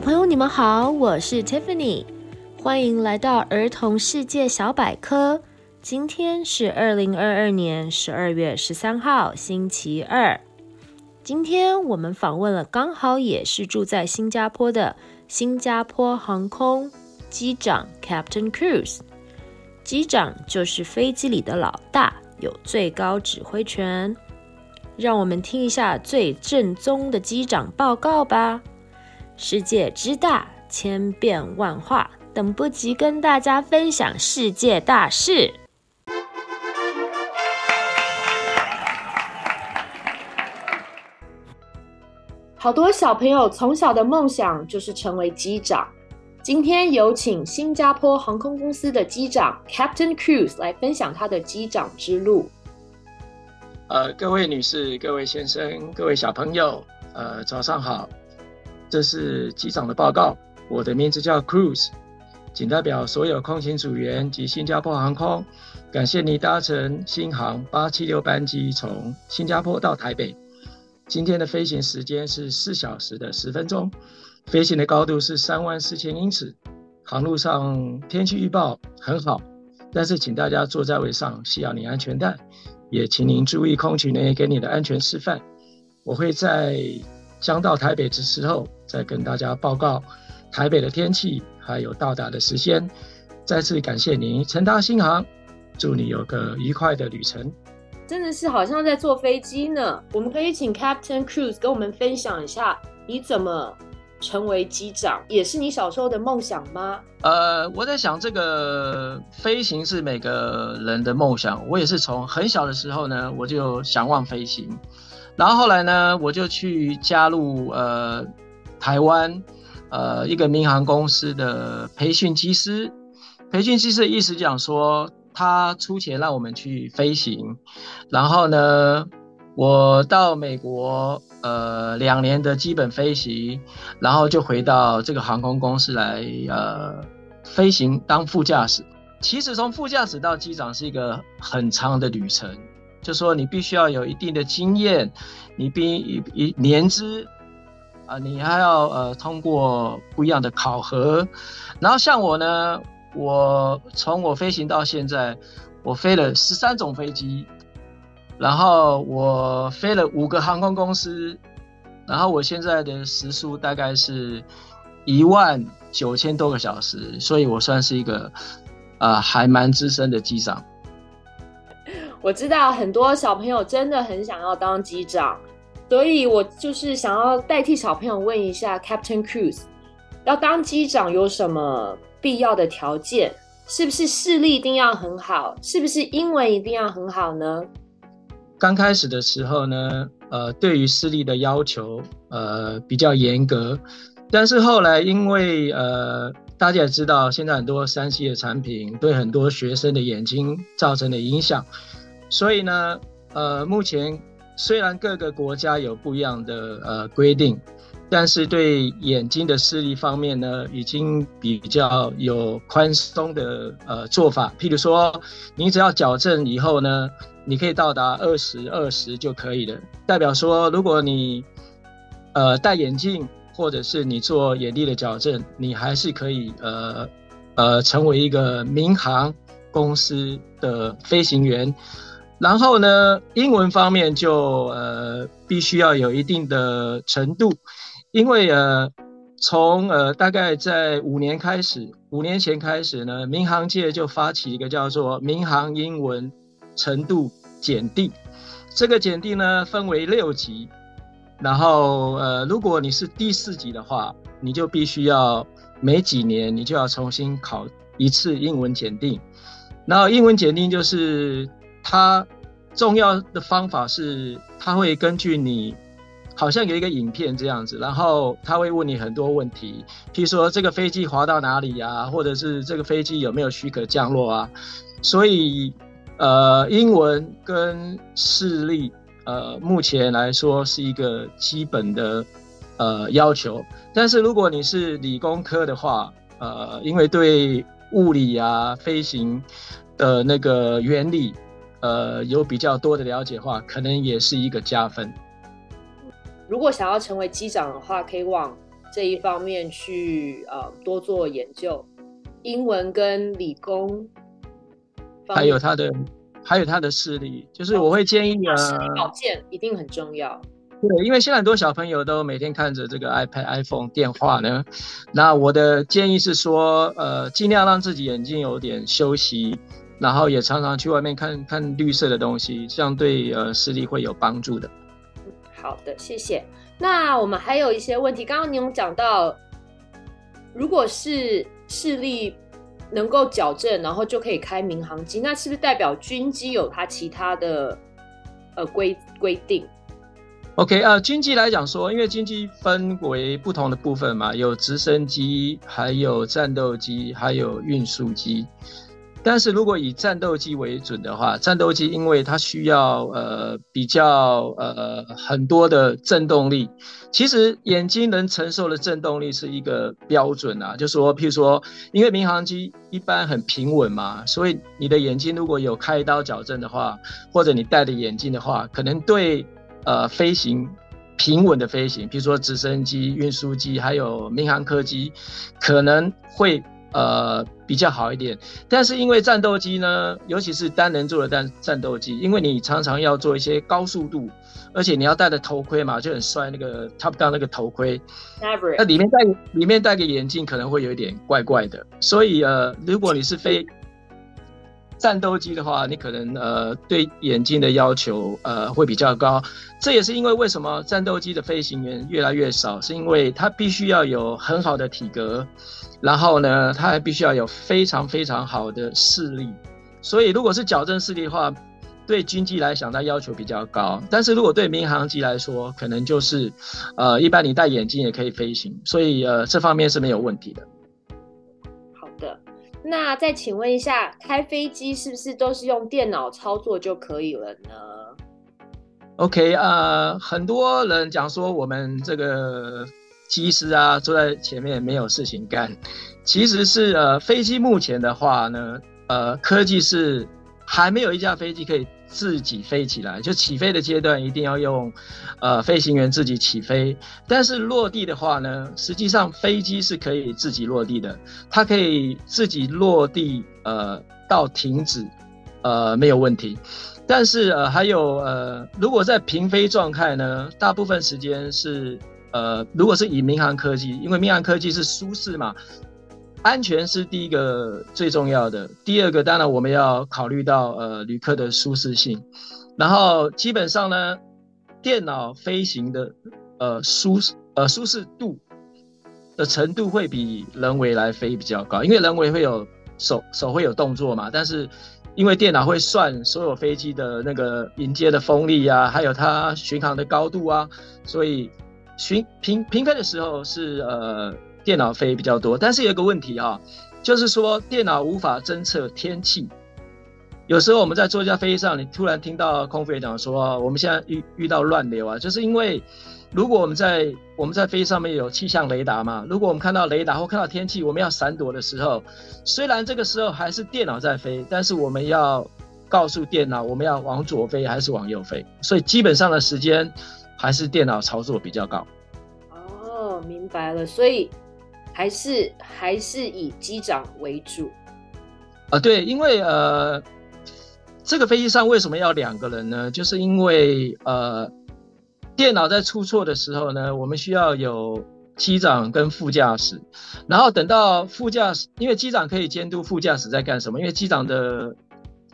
朋友，你們好，我是 Tiffany，歡迎來到兒童世界小百科。今天是二零二二年十二月十三號，星期二。今天我們訪問了剛好也是住在新加坡的新加坡航空機長 Captain Cruise。機長就是飛機裡的老大，有最高指揮權。讓我們聽一下最正宗的機長報告吧。世界之大，千變萬化，等不及跟大家分享世界大事。好多小朋友從小的夢想就是成為機長。今天有請新加坡航空公司的機長 Captain Cruise 來分享他的機長之路。呃，各位女士，各位先生，各位小朋友，呃，早上好。這是機長的報告。我的名字叫 Cruise，謹代表所有空勤組員及新加坡航空，感謝你搭乘新航876班機從新加坡到台北。今天的飛行時間是四小時的十分鐘，飛行的高度是三萬四千英尺，航路上天氣預報很好，但是請大家坐在位上繫好你安全帶，也請您注意空勤人員給你的安全示範。我會在。將到台北之時候，再跟大家報告台北的天氣，還有到達的時間。再次感謝您，乘搭新航，祝你有個愉快的旅程。真的是好像在坐飛機呢。我們可以請 Captain Cruise 跟我們分享一下，你怎麼成為機長，也是你小時候的夢想嗎？呃，我在想，這個飛行是每個人的夢想。我也是從很小的時候呢，我就嚮往飛行。然後後來呢，我就去加入呃台灣呃一個民航公司的培訓機師。培訓機師的意思講說，他出錢讓我們去飛行。然後呢，我到美國呃兩年的基本飛行，然後就回到這個航空公司來呃飛行當副駕駛。其實從副駕駛到機長是一個很長的旅程。就是說你必須要有一定的經驗，你必一年資啊，你還要呃通過不一樣的考核。然後像我呢，我從我飛行到現在，我飛了十三種飛機，然後我飛了五個航空公司，然後我現在的時數大概是一萬九千多個小時，所以我算是一個、呃、還蠻資深的機長。我知道很多小朋友真的很想要當機長，所以我就是想要代替小朋友問一下 Captain c r u s 要當機長有什麼必要的條件？是不是視力一定要很好？是不是英文一定要很好呢？剛開始的時候呢，呃，對於視力的要求呃比較嚴格，但是後來因為呃大家也知道，現在很多三 C 的產品對很多學生的眼睛造成的影響。所以呢，呃，目前雖然各個國家有不一樣的呃規定，但是對眼睛的視力方面呢，已經比較有寬鬆的呃做法。譬如說，你只要矯正以後呢，你可以到達二十二十就可以了，代表說，如果你呃戴眼鏡，或者是你做眼力的矯正，你還是可以呃呃成為一個民航公司的飛行員。然後呢，英文方面就呃必須要有一定的程度，因為呃從呃大概在五年開始，五年前開始呢，民航界就發起一個叫做民航英文程度檢定，這個檢定呢分為六級，然後呃如果你是第四級的話，你就必須要每幾年你就要重新考一次英文檢定，然後英文檢定就是。它重要的方法是，他會根據你，好像有一個影片這樣子，然後他會問你很多問題，譬如說這個飛機滑到哪裡啊，或者是這個飛機有沒有許可降落啊。所以，呃，英文跟視力，呃，目前來說是一個基本的呃要求。但是如果你是理工科的話，呃，因為對物理啊、飛行的那個原理。呃，有比較多的了解的話，可能也是一個加分。如果想要成為機長的話，可以往這一方面去、呃、多做研究，英文跟理工，還有他的，還有他的視力，就是我會建議你視、哦啊、力保健一定很重要。對，因為現在很多小朋友都每天看着這個 iPad、iPhone、電話呢，那我的建議是說，盡、呃、量讓自己眼睛有點休息。然後也常常去外面看看綠色的東西，這樣對呃視力會有幫助的。好的，謝謝。那我們還有一些問題，剛剛您有講到，如果是視力能夠矯正，然後就可以開民航機，那是不是代表軍機有它其他的呃規規定？OK 啊，呃，軍機來講說，因為軍機分為不同的部分嘛，有直升機，還有戰鬥機，還有運輸機。但是如果以戰鬥機為準的話，戰鬥機因為它需要呃比較呃很多的震動力，其實眼睛能承受的震動力是一個標準啊。就是說，譬如說，因為民航機一般很平穩嘛，所以你的眼睛如果有開刀矯正的話，或者你戴着眼鏡的話，可能對呃飛行平穩的飛行，譬如說直升機、運輸機，還有民航客機，可能會。呃，比較好一點，但是因為戰鬥機呢，尤其是單人座的戰戰鬥機，因為你常常要做一些高速度，而且你要戴的頭盔嘛，就很帥那個 Top Gun 那個頭盔，那厚厚裡面戴裡面戴個眼鏡可能會有一點怪怪的，所以呃，如果你是飛。厚厚戰鬥機的話，你可能呃對眼睛的要求呃會比較高，這也是因為為什麼戰鬥機的飛行員越來越少，是因為他必須要有很好的體格，然後呢他還必須要有非常非常好的視力，所以如果是矯正視力的話，對軍機來講它要求比較高，但是如果對民航機來說，可能就是呃一般你戴眼鏡也可以飛行，所以呃這方面是沒有問題的。那再請問一下，開飛機是不是都是用電腦操作就可以了呢？OK，啊，呃，很多人講說我們這個機師啊坐在前面沒有事情幹，其實是呃飛機目前的話呢，呃，科技是還沒有一架飛機可以。自己飛起來，就起飛的階段一定要用，呃，飛行員自己起飛。但是落地的話呢，實際上飛機是可以自己落地的，它可以自己落地，呃，到停止，呃，沒有問題。但是呃，還有呃，如果在平飛狀態呢，大部分時間是，呃，如果是以民航科技，因為民航科技是舒適嘛。安全是第一個最重要的，第二個當然我們要考慮到呃旅客的舒適性，然後基本上呢，電腦飛行的呃舒適呃舒適度的程度會比人為來飛比較高，因為人為會有手手會有動作嘛，但是因為電腦會算所有飛機的那個迎接的風力啊，還有它巡航的高度啊，所以巡平平飛的時候是呃。電腦飛比較多，但是有一個問題啊，就是說電腦無法偵測天氣。有時候我們在坐一架飛機上，你突然聽到空服員講說：“我們現在遇遇到亂流啊！”就是因為如果我們在我們在飛機上面有氣象雷達嘛，如果我們看到雷達或看到天氣，我們要閃躲的時候，雖然這個時候還是電腦在飛，但是我們要告訴電腦我們要往左飛還是往右飛，所以基本上的時間還是電腦操作比較高。哦，明白了，所以。還是還是以機長為主，啊、呃，對，因為呃，這個飛機上為什麼要兩個人呢？就是因為呃，電腦在出錯的時候呢，我們需要有機長跟副駕駛，然後等到副駕駛，因為機長可以監督副駕駛在幹什麼，因為機長的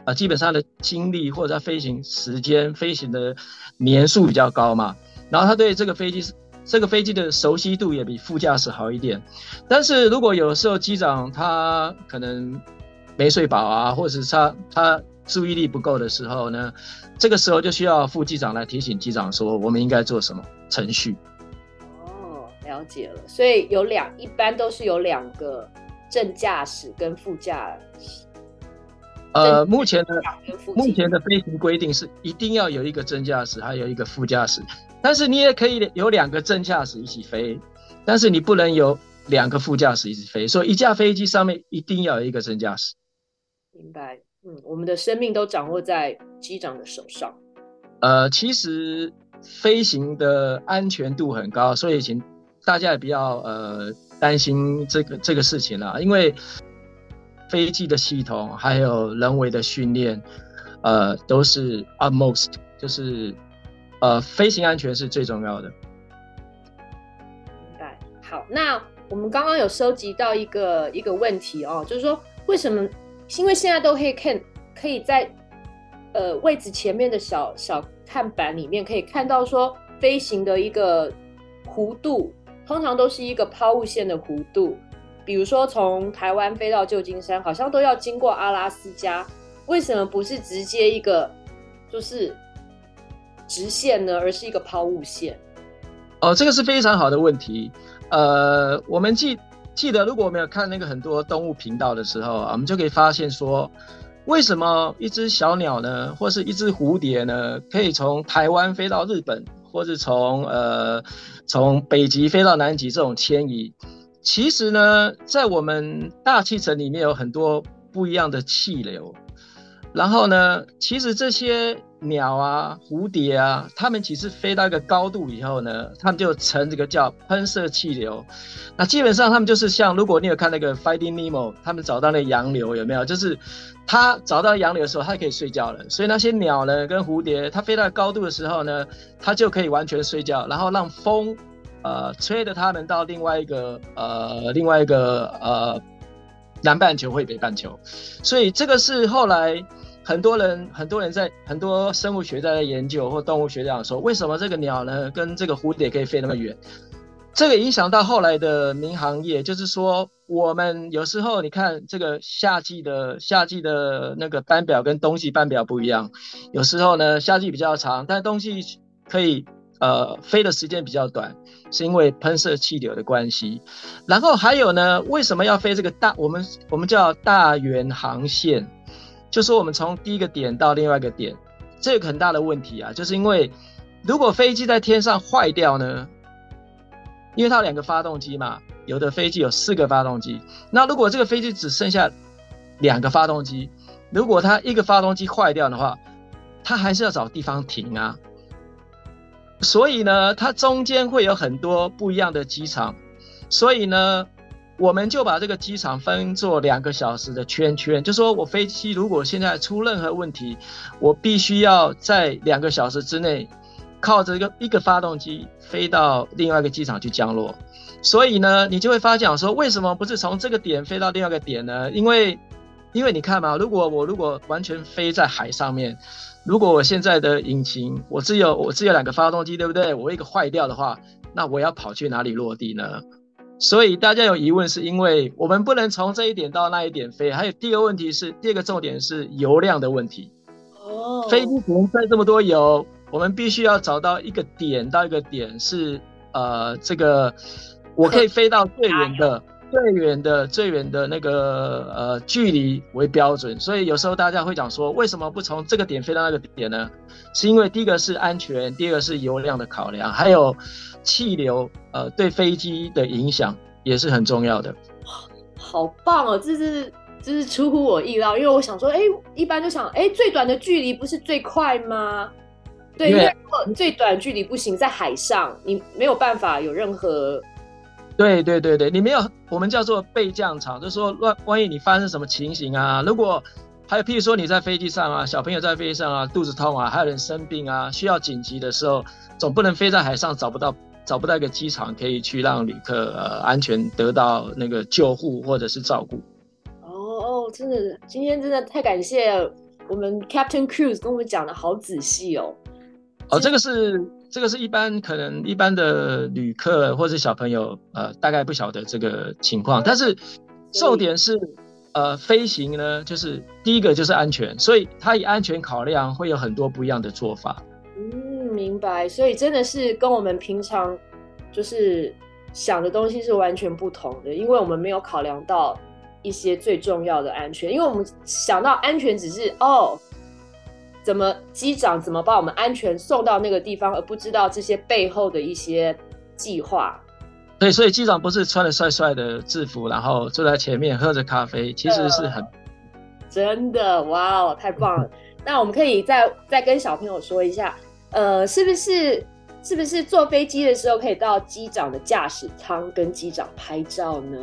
啊、呃，基本上的精力或者他飛行時間、飛行的年數比較高嘛，然後他對這個飛機是。這個飛機的熟悉度也比副駕駛好一點，但是如果有時候機長他可能沒睡飽啊，或者是他他注意力不夠的時候呢，這個時候就需要副機長來提醒機長說我們應該做什麼程序。哦，了解了。所以有兩，一般都是有兩個正駕駛跟副駕駛。呃，目前的目前的飛行規定是一定要有一個正駕駛，還有一個副駕駛。但是你也可以有兩個正駕駛一起飛，但是你不能有兩個副駕駛一起飛。所以一架飛機上面一定要有一個正駕駛。明白，嗯，我們的生命都掌握在機長的手上。呃，其實飛行的安全度很高，所以請大家也不要呃擔心這個這個事情，了，因為飛機的系統還有人為的訓練，呃，都是 almost 就是。呃，飛行安全是最重要的。明白。好，那我們剛剛有收集到一個一個問題哦，就是說為什麼？因為現在都可以看，可以在呃位置前面的小小看板裡面可以看到，說飛行的一個弧度，通常都是一個拋物線的弧度。比如說從台灣飛到舊金山，好像都要經過阿拉斯加，為什麼不是直接一個就是？直線呢，而是一個拋物線。哦，這個是非常好的問題。呃，我們記記得，如果我們有看那個很多動物頻道的時候啊，我們就可以發現說，為什麼一隻小鳥呢，或是一隻蝴蝶呢，可以從台灣飛到日本，或是從呃從北極飛到南極這種遷移？其實呢，在我們大氣層裡面有很多不一樣的氣流，然後呢，其實這些。鳥啊，蝴蝶啊，它們其實飛到一個高度以後呢，它們就成這個叫噴射氣流。那基本上它們就是像，如果你有看那個《Finding Nemo》，它們找到那洋流有沒有？就是它找到洋流的時候，它可以睡覺了。所以那些鳥呢，跟蝴蝶，它飛到高度的時候呢，它就可以完全睡覺，然後讓風，呃，吹着它們到另外一個，呃，另外一個，呃，南半球或北半球。所以這個是後來。很多人，很多人在很多生物學在,在研究，或動物學在講說，為什麼這個鳥呢，跟這個蝴蝶可以飛那麼遠？這個影響到後來的民航業，就是說，我們有時候你看這個夏季的夏季的那個班表跟冬季班表不一樣，有時候呢，夏季比較長，但冬季可以呃飛的時間比較短，是因為噴射氣流的關係。然後還有呢，為什麼要飛這個大？我們我們叫大圓航線。就是我們從第一個點到另外一個點，這有很大的問題啊，就是因為如果飛機在天上壞掉呢，因為它有兩個發動機嘛，有的飛機有四個發動機，那如果這個飛機只剩下兩個發動機，如果它一個發動機壞掉的話，它還是要找地方停啊，所以呢，它中間會有很多不一樣的機場，所以呢。我們就把這個機場分作兩個小時的圈圈，就說我飛機如果現在出任何問題，我必須要在兩個小時之內，靠着一個一個發動機飛到另外一個機場去降落。所以呢，你就會發現說為什麼不是從這個點飛到另外一個點呢？因為，因為你看嘛，如果我如果完全飛在海上面，如果我現在的引擎我只有我只有兩個發動機，對不對？我一個壞掉的話，那我要跑去哪裡落地呢？所以大家有疑問，是因為我們不能從這一點到那一點飛。還有第二個問題是，第二個重點是油量的問題。哦，oh. 飛機只能帶這麼多油，我們必須要找到一個點到一個點是，呃，這個我可以飛到最遠的、Yeah. 最遠的、最遠的那個呃距離為標準。所以有時候大家會講說，為什麼不從這個點飛到那個點呢？是因為第一個是安全，第二個是油量的考量，還有。氣流，呃，對飛機的影響也是很重要的。哇，好棒哦，這是這是出乎我意料，因為我想說，哎，一般就想，哎，最短的距離不是最快嗎？對，因為如果最短距離不行，在海上你沒有辦法有任何。對對對對，你沒有我們叫做備降場，就說萬，萬一你發生什麼情形啊？如果還有，譬如說你在飛機上啊，小朋友在飛機上啊，肚子痛啊，還有人生病啊，需要緊急的時候，總不能飛在海上找不到。找不到一個機場可以去讓旅客，嗯呃、安全得到那個救護或者是照顧。哦哦，真的，今天真的太感謝我們 Captain Cruise，跟我們講的好仔細哦。哦，這個是這個是一般可能一般的旅客或者小朋友，嗯、呃大概不曉得這個情況，但是重點是以呃飛行呢，就是第一個就是安全，所以他以安全考量會有很多不一樣的做法。嗯明白，所以真的是跟我們平常就是想的東西是完全不同的，因為我們沒有考量到一些最重要的安全，因為我們想到安全只是哦，怎麼機長怎麼把我們安全送到那個地方，而不知道這些背後的一些計劃。對，所以機長不是穿着帥帥的制服，然後坐在前面喝着咖啡，其實是很真的，哇哦，太棒了！ 那我們可以再再跟小朋友說一下。呃，是不是是不是坐飛機的時候可以到機長的駕駛艙跟機長拍照呢？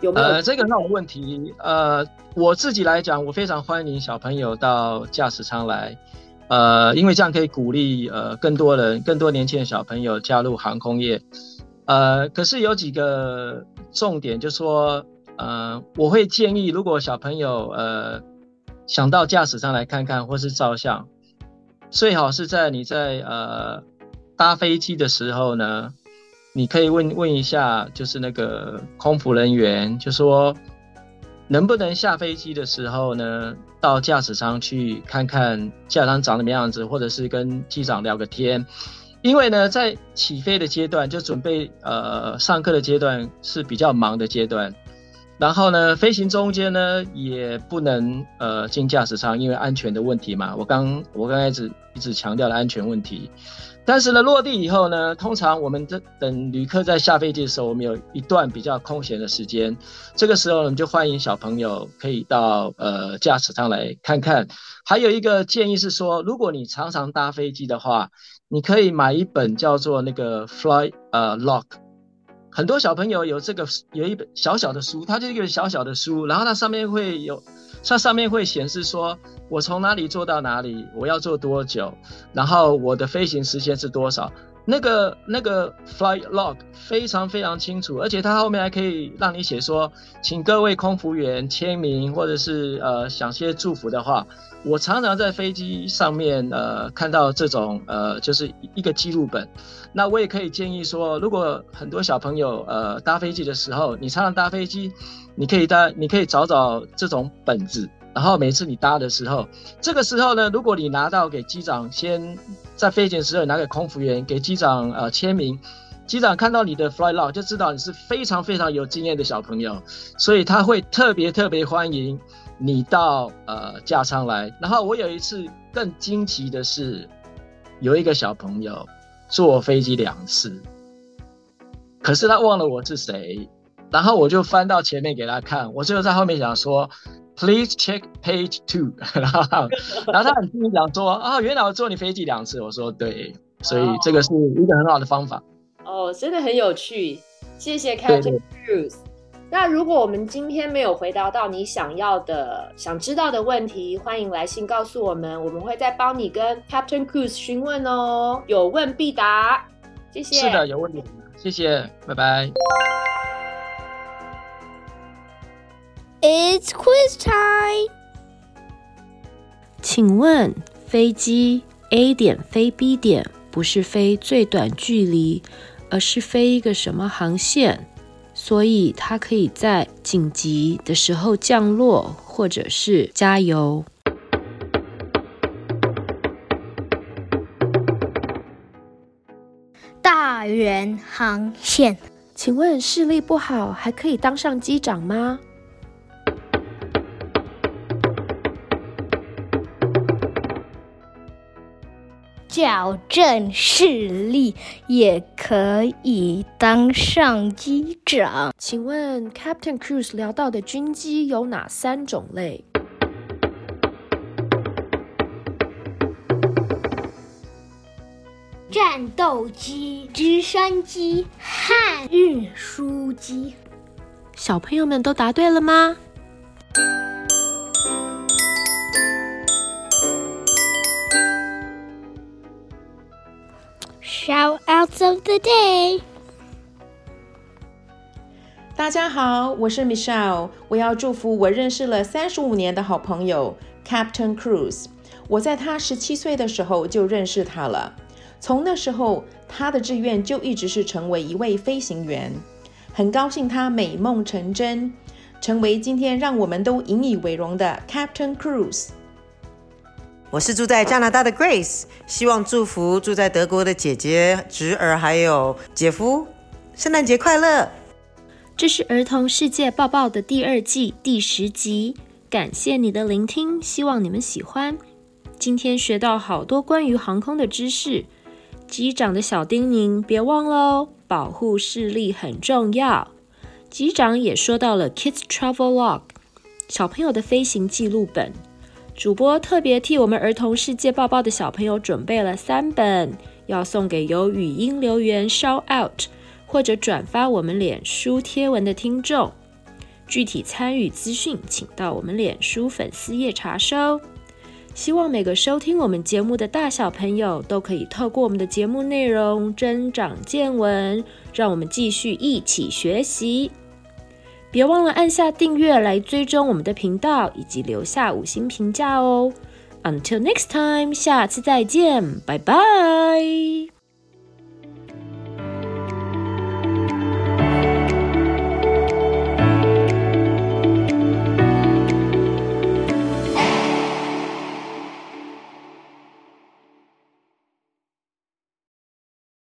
有沒有？呃，這個那種問題。呃，我自己來講，我非常歡迎小朋友到駕駛艙來。呃，因為這樣可以鼓勵呃更多人，更多年輕的小朋友加入航空業。呃，可是有幾個重點，就說呃，我會建議如果小朋友呃想到駕駛艙來看看或是照相，最好是在你在呃搭飛機的時候呢，你可以問問一下，就是那個空服人員，就說能不能下飛機的時候呢，到駕駛艙去看看駕駛艙長什麼樣子，或者是跟機長聊個天，因為呢，在起飛的階段就準備呃上課的階段是比較忙的階段。然後呢，飛行中間呢也不能呃進駕駛艙，因為安全的問題嘛。我剛我剛開始一,一直強調了安全問題，但是呢，落地以後呢，通常我們等等旅客在下飛機的時候，我們有一段比較空閒的時間，這個時候我們就歡迎小朋友可以到呃駕駛艙來看看。還有一個建議是說，如果你常常搭飛機的話，你可以買一本叫做那個《Flight》呃《Log》。很多小朋友有這個，有一本小小的書，它就是一個小小的書，然後它上面會有，它上面會顯示說，我從哪裡坐到哪裡，我要坐多久，然後我的飛行時間是多少。那個那個 flight log 非常非常清楚，而且它後面還可以讓你寫說，請各位空服員簽名，或者是呃，想些祝福的話。我常常在飛機上面呃看到這種呃，就是一個記錄本。那我也可以建議說，如果很多小朋友呃搭飛機的時候，你常常搭飛機，你可以搭，你可以找找這種本子。然後每次你搭的時候，這個時候呢，如果你拿到給機長，先在飛行時候拿給空服員給機長呃簽名，機長看到你的 flight log 就知道你是非常非常有經驗的小朋友，所以他會特別特別歡迎你到呃駕艙來。然後我有一次更驚奇的是，有一個小朋友坐飛機兩次，可是他忘了我是誰，然後我就翻到前面給他看，我就在後面想說。Please check page two 然。然後他很積極講說啊，袁、 哦、原來我坐你飛機兩次。我說對，oh, 所以這個是一個很好的方法。哦，oh, 真的很有趣。謝謝 Captain Cruise。對對，那如果我們今天沒有回答到你想要的、想知道的問題，歡迎來信告訴我們，我們會再幫你跟 Captain Cruise 詢問哦，有問必答。謝謝。是的，有問題。謝謝，拜拜。It's quiz time！請問飛機 A 點飛 B 點不是飛最短距離，而是飛一個什麼航線？所以它可以在緊急的時候降落，或者是加油。大圓航線。請問視力不好還可以當上機長嗎？矯正視力也可以當上機長。請問 Captain Cruise 聊到的軍機有哪三種類？戰鬥機、直升機、漢運輸機。小朋友們都答對了嗎？Shout out of the day。大家好，我是 Michelle。我要祝福我認識了三十五年的好朋友 Captain Cruise。我在他十七歲的時候就認識他了。從那時候，他的志願就一直是成為一位飛行員。很高興他美夢成真，成為今天讓我們都引以為榮的 Captain Cruise。我是住在加拿大的 Grace，希望祝福住在德國的姐姐、侄兒還有姐夫，聖誕節快樂！這是兒童世界報報的第二季第十集，感謝你的聆聽，希望你們喜歡。今天學到好多關於航空的知識，機長的小叮嚀別忘嘍，保護視力很重要。機長也說到了 Kids Travel Log，小朋友的飛行記錄本。主播特別替我們兒童世界報報的小朋友準備了三本，要送給有語音留言 shout out 或者轉發我們臉書貼文的聽眾。具體參與資訊，請到我們臉書粉絲頁查收。希望每個收聽我們節目的大小朋友都可以透過我們的節目內容增長見聞，讓我們繼續一起學習。別忘了按下訂閱來追蹤我們的頻道，以及留下五星評價哦。Until next time，下次再見，拜拜。